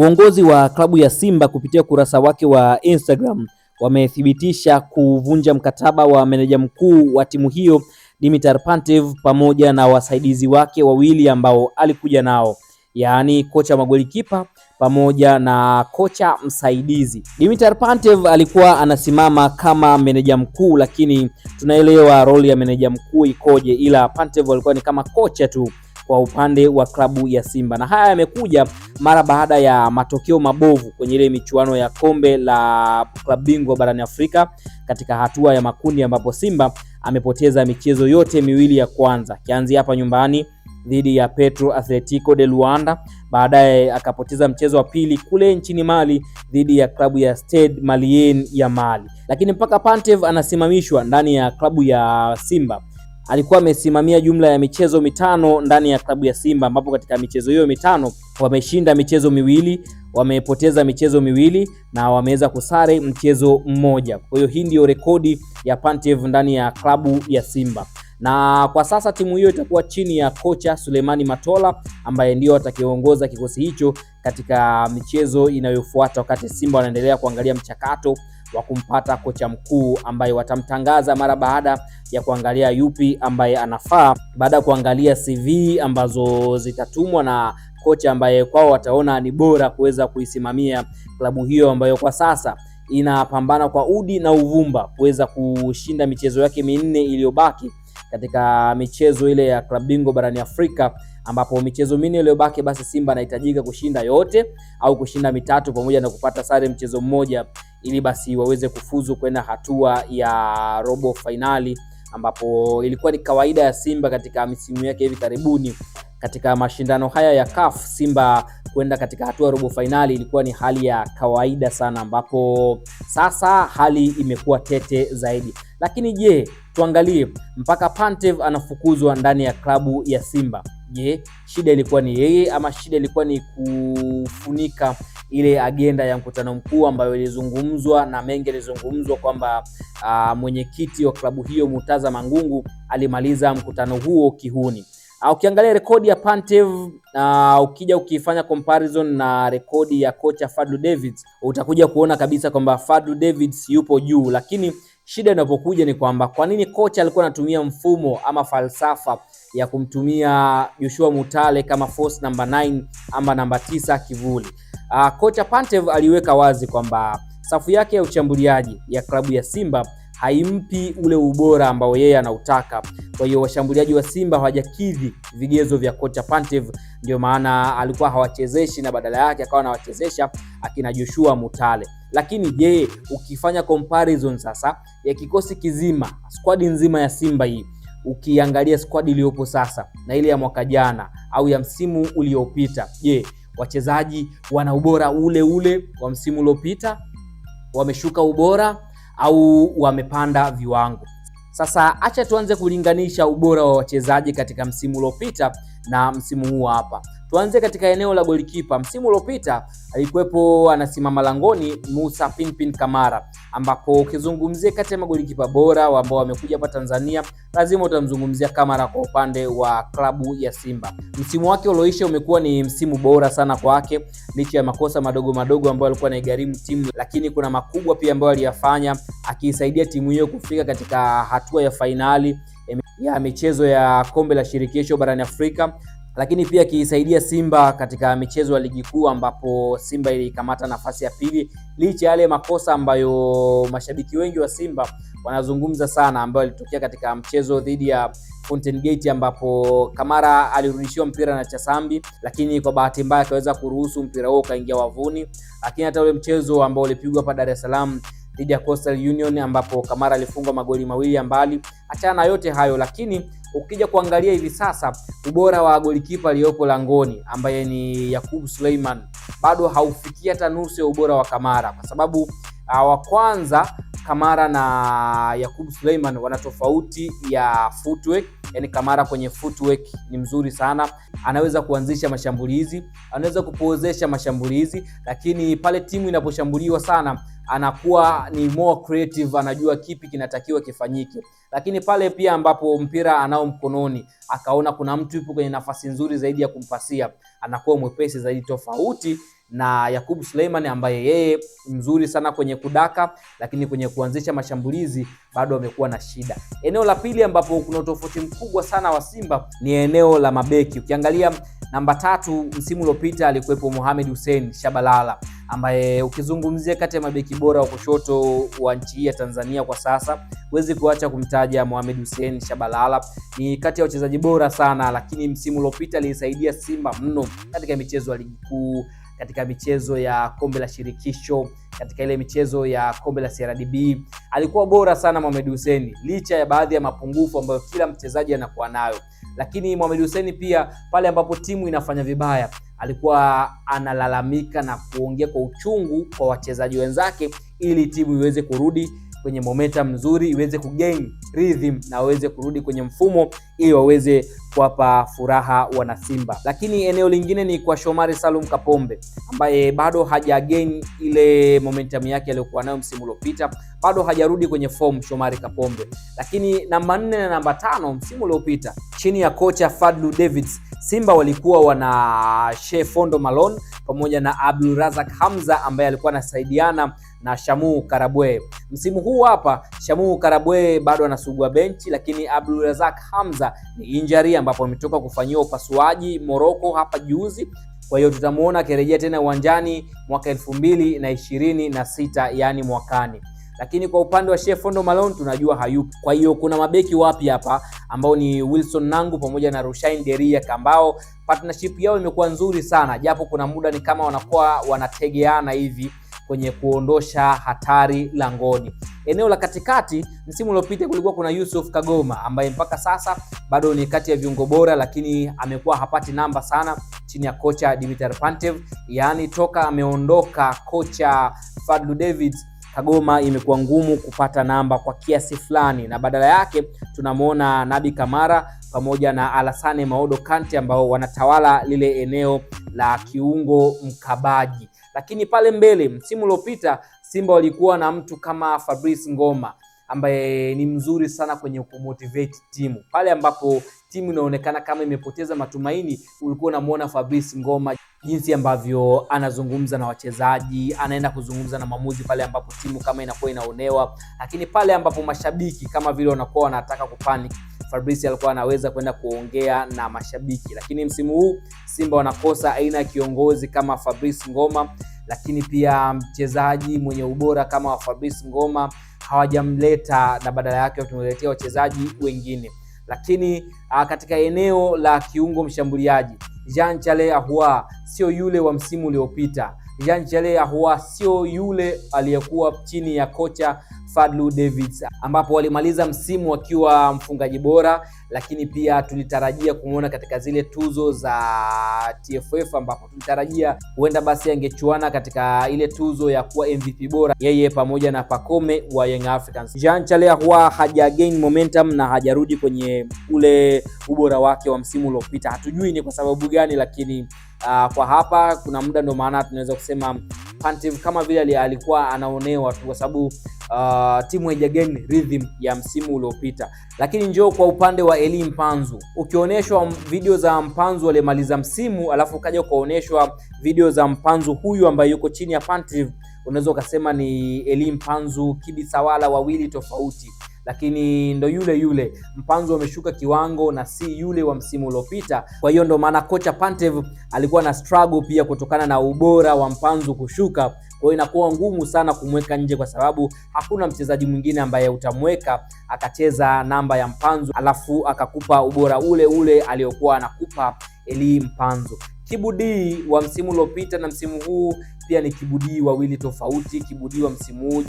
Uongozi wa klabu ya Simba kupitia ukurasa wake wa Instagram wamethibitisha kuvunja mkataba wa meneja mkuu wa timu hiyo Dimitar Pantev pamoja na wasaidizi wake wawili ambao alikuja nao, yaani kocha magolikipa pamoja na kocha msaidizi. Dimitar Pantev alikuwa anasimama kama meneja mkuu, lakini tunaelewa roli ya meneja mkuu ikoje, ila Pantev alikuwa ni kama kocha tu kwa upande wa klabu ya Simba, na haya yamekuja mara baada ya matokeo mabovu kwenye ile michuano ya kombe la klabu bingwa barani Afrika katika hatua ya makundi ambapo Simba amepoteza michezo yote miwili ya kwanza, kianzia hapa nyumbani dhidi ya Petro Atletico de Luanda, baadaye akapoteza mchezo wa pili kule nchini Mali dhidi ya klabu ya Stade Malien ya Mali, lakini mpaka Pantev anasimamishwa ndani ya klabu ya Simba alikuwa amesimamia jumla ya michezo mitano ndani ya klabu ya Simba, ambapo katika michezo hiyo mitano wameshinda michezo miwili, wamepoteza michezo miwili na wameweza kusare mchezo mmoja. Kwa hiyo hii ndiyo rekodi ya Pantev ndani ya klabu ya Simba na kwa sasa timu hiyo itakuwa chini ya kocha Sulemani Matola ambaye ndio atakiongoza kikosi hicho katika michezo inayofuata, wakati Simba wanaendelea kuangalia mchakato wa kumpata kocha mkuu ambaye watamtangaza mara baada ya kuangalia yupi ambaye anafaa, baada ya kuangalia CV ambazo zitatumwa na kocha ambaye kwao wataona ni bora kuweza kuisimamia klabu hiyo ambayo kwa sasa inapambana kwa udi na uvumba kuweza kushinda michezo yake minne iliyobaki katika michezo ile ya klabu bingwa barani Afrika, ambapo michezo minne iliyobaki basi Simba anahitajika kushinda yote au kushinda mitatu pamoja na kupata sare mchezo mmoja ili basi waweze kufuzu kwenda hatua ya robo fainali, ambapo ilikuwa ni kawaida ya Simba katika misimu yake hivi karibuni. Katika mashindano haya ya CAF, Simba kwenda katika hatua ya robo fainali ilikuwa ni hali ya kawaida sana, ambapo sasa hali imekuwa tete zaidi. Lakini je, tuangalie mpaka Pantev anafukuzwa ndani ya klabu ya Simba. Je, shida ilikuwa ni yeye ama shida ilikuwa ni kufunika ile agenda ya mkutano mkuu ambayo ilizungumzwa na mengi yalizungumzwa kwamba ah, mwenyekiti wa klabu hiyo Murtaza Mangungu alimaliza mkutano huo kihuni. Uh, ukiangalia rekodi ya Pantev ah, ukija ukifanya comparison na rekodi ya kocha Fadlu Davids utakuja kuona kabisa kwamba Fadlu Davids yupo juu, lakini shida inapokuja ni kwamba kwa nini kocha alikuwa anatumia mfumo ama falsafa ya kumtumia Joshua Mutale kama force number 9 ama namba tisa kivuli. Uh, kocha Pantev aliweka wazi kwamba safu yake ya ushambuliaji ya klabu ya Simba haimpi ule ubora ambao yeye anautaka. Kwa hiyo washambuliaji wa Simba hawajakidhi vigezo vya kocha Pantev, ndio maana alikuwa hawachezeshi na badala yake akawa anawachezesha akina Joshua Mutale. Lakini je, ukifanya comparison sasa ya kikosi kizima, squad nzima ya Simba hii ukiangalia squad iliyopo sasa na ile ya mwaka jana au ya msimu uliopita, je wachezaji wana ubora ule ule wa msimu uliopita, wameshuka ubora au wamepanda viwango? Sasa acha tuanze kulinganisha ubora wa wachezaji katika msimu uliopita na msimu huu hapa. Tuanze katika eneo la golikipa. Msimu uliopita alikuwepo anasimama langoni Musa Pinpin Kamara, ambapo ukizungumzia kati ya magolikipa bora ambao wamekuja hapa Tanzania lazima utamzungumzia Kamara kwa upande wa klabu ya Simba. Msimu wake ulioisha umekuwa ni msimu bora sana kwake, licha ya makosa madogo madogo ambayo alikuwa anaigarimu timu, lakini kuna makubwa pia ambayo aliyafanya akiisaidia timu hiyo kufika katika hatua ya fainali ya michezo ya kombe la shirikisho barani Afrika lakini pia akiisaidia Simba katika michezo ya ligi kuu ambapo Simba ilikamata nafasi ya pili licha yale makosa ambayo mashabiki wengi wa Simba wanazungumza sana, ambayo alitokea katika mchezo dhidi ya Fountain Gate ambapo Kamara alirudishiwa mpira na Chasambi, lakini kwa bahati mbaya akaweza kuruhusu mpira huo ukaingia wavuni. Lakini hata ule mchezo ambao ulipigwa hapa Dar es Salaam dhidi ya Coastal Union ambapo Kamara alifungwa magoli mawili ya mbali, achana yote hayo lakini Ukija kuangalia hivi sasa ubora wa golikipa aliyopo langoni ambaye ni Yakub Suleiman bado haufikii hata nusu ya ubora wa Kamara, kwa sababu ah, wa kwanza Kamara na Yakub Suleiman wana tofauti ya footwork. Yani Kamara kwenye footwork ni mzuri sana, anaweza kuanzisha mashambulizi, anaweza kupozesha mashambulizi, lakini pale timu inaposhambuliwa sana anakuwa ni more creative, anajua kipi kinatakiwa kifanyike lakini pale pia ambapo mpira anao mkononi akaona kuna mtu yupo kwenye nafasi nzuri zaidi ya kumpasia, anakuwa mwepesi zaidi tofauti na Yakubu Suleiman ambaye yeye mzuri sana kwenye kudaka, lakini kwenye kuanzisha mashambulizi bado amekuwa na shida. Eneo la pili ambapo kuna utofauti mkubwa sana wa Simba ni eneo la mabeki. Ukiangalia namba tatu msimu uliopita alikuwepo Mohamed Hussein Shabalala ambaye ukizungumzia kati ya mabeki bora wa kushoto wa nchi hii ya Tanzania kwa sasa, huwezi kuacha kumtaja Mohamed Hussein Shabalala. Ni kati ya wachezaji bora sana, lakini msimu uliopita alisaidia Simba mno katika michezo ya ligi kuu katika michezo ya kombe la shirikisho, katika ile michezo ya kombe la CRDB alikuwa bora sana Mohamed Hussein, licha ya baadhi ya mapungufu ambayo kila mchezaji anakuwa nayo, lakini Mohamed Hussein pia pale ambapo timu inafanya vibaya alikuwa analalamika na kuongea kwa uchungu kwa wachezaji wenzake ili timu iweze kurudi kwenye momentum nzuri, iweze kugain rhythm na waweze kurudi kwenye mfumo ili waweze kuwapa furaha wana simba Lakini eneo lingine ni kwa Shomari Salum Kapombe ambaye bado haja gain ile momentum yake aliyokuwa nayo msimu uliopita, bado hajarudi kwenye form Shomari Kapombe. Lakini namba nne na namba tano msimu uliopita chini ya kocha Fadlu Davids, Simba walikuwa wana Shefondo Malone pamoja na Abdul Razak Hamza ambaye alikuwa anasaidiana na Shamu Karabwe. Msimu huu hapa Shamu Karabwe bado anasugua benchi, lakini Razak Hamza ni injury, ambapo ametoka kufanyiwa upasuaji moroko hapa juzi kwa hiyo tutamuona akirejea tena uwanjani mwaka elfu mbili na ishirini na sita yaani mwakani. Lakini kwa upande wa Shefondo Malone tunajua hayupo. Kwa hiyo kuna mabeki wapya hapa ambao ni Wilson Nangu pamoja na Rushain Deria ambao Partnership yao imekuwa nzuri sana, japo kuna muda ni kama wanakuwa wanategeana hivi kwenye kuondosha hatari langoni. Eneo la katikati, msimu uliopita kulikuwa kuna Yusuf Kagoma ambaye mpaka sasa bado ni kati ya viungo bora, lakini amekuwa hapati namba sana chini ya kocha Dimitar Pantev. Yaani toka ameondoka kocha Fadlu David Kagoma imekuwa ngumu kupata namba kwa kiasi fulani, na badala yake tunamwona Nabi Kamara pamoja na Alassane Maodo Kante ambao wanatawala lile eneo la kiungo mkabaji. Lakini pale mbele, msimu uliopita Simba walikuwa na mtu kama Fabrice Ngoma ambaye ni mzuri sana kwenye kumotivate timu pale ambapo timu inaonekana kama imepoteza matumaini. Ulikuwa unamuona Fabrice Ngoma jinsi ambavyo anazungumza na wachezaji, anaenda kuzungumza na mwamuzi pale ambapo timu kama inakuwa inaonewa, lakini pale ambapo mashabiki kama vile wanakuwa wanataka kupanic Fabrice alikuwa anaweza kwenda kuongea na mashabiki, lakini msimu huu Simba wanakosa aina ya kiongozi kama Fabrice Ngoma, lakini pia mchezaji mwenye ubora kama Fabrice Ngoma hawajamleta, na badala yake tumeletea wachezaji wengine. Lakini ah, katika eneo la kiungo mshambuliaji Jean chale Ahoua sio yule wa msimu uliopita. Jean chale Ahoua sio yule aliyekuwa chini ya kocha Fadlu Davids ambapo walimaliza msimu wakiwa mfungaji bora, lakini pia tulitarajia kumwona katika zile tuzo za TFF ambapo tulitarajia huenda basi angechuana katika ile tuzo ya kuwa MVP bora, yeye pamoja na Pacome wa Young Africans. Jean Chalea huwa haja gain momentum na hajarudi kwenye ule ubora wake wa msimu uliopita. Hatujui ni kwa sababu gani, lakini uh, kwa hapa kuna muda, ndo maana tunaweza kusema Pantev kama vile alikuwa anaonewa tu, kwa sababu uh, timu haijageni rhythm ya msimu uliopita. Lakini njoo kwa upande wa Eli Mpanzu, ukionyeshwa video za Mpanzu aliyemaliza msimu alafu ukaja ukaonyeshwa video za Mpanzu huyu ambaye yuko chini ya Pantev, unaweza ukasema ni Eli Mpanzu Kibisawala wawili tofauti lakini ndo yule yule Mpanzu ameshuka kiwango na si yule wa msimu uliopita. Kwa hiyo ndo maana kocha Pantev alikuwa na struggle pia kutokana na ubora wa Mpanzu kushuka. Kwa hiyo inakuwa ngumu sana kumweka nje, kwa sababu hakuna mchezaji mwingine ambaye utamweka akacheza namba ya Mpanzu alafu akakupa ubora ule ule aliyokuwa anakupa Eli Mpanzu. Kibudii wa msimu uliopita na msimu huu pia ni kibudii wawili tofauti. Kibudii wa msimu huu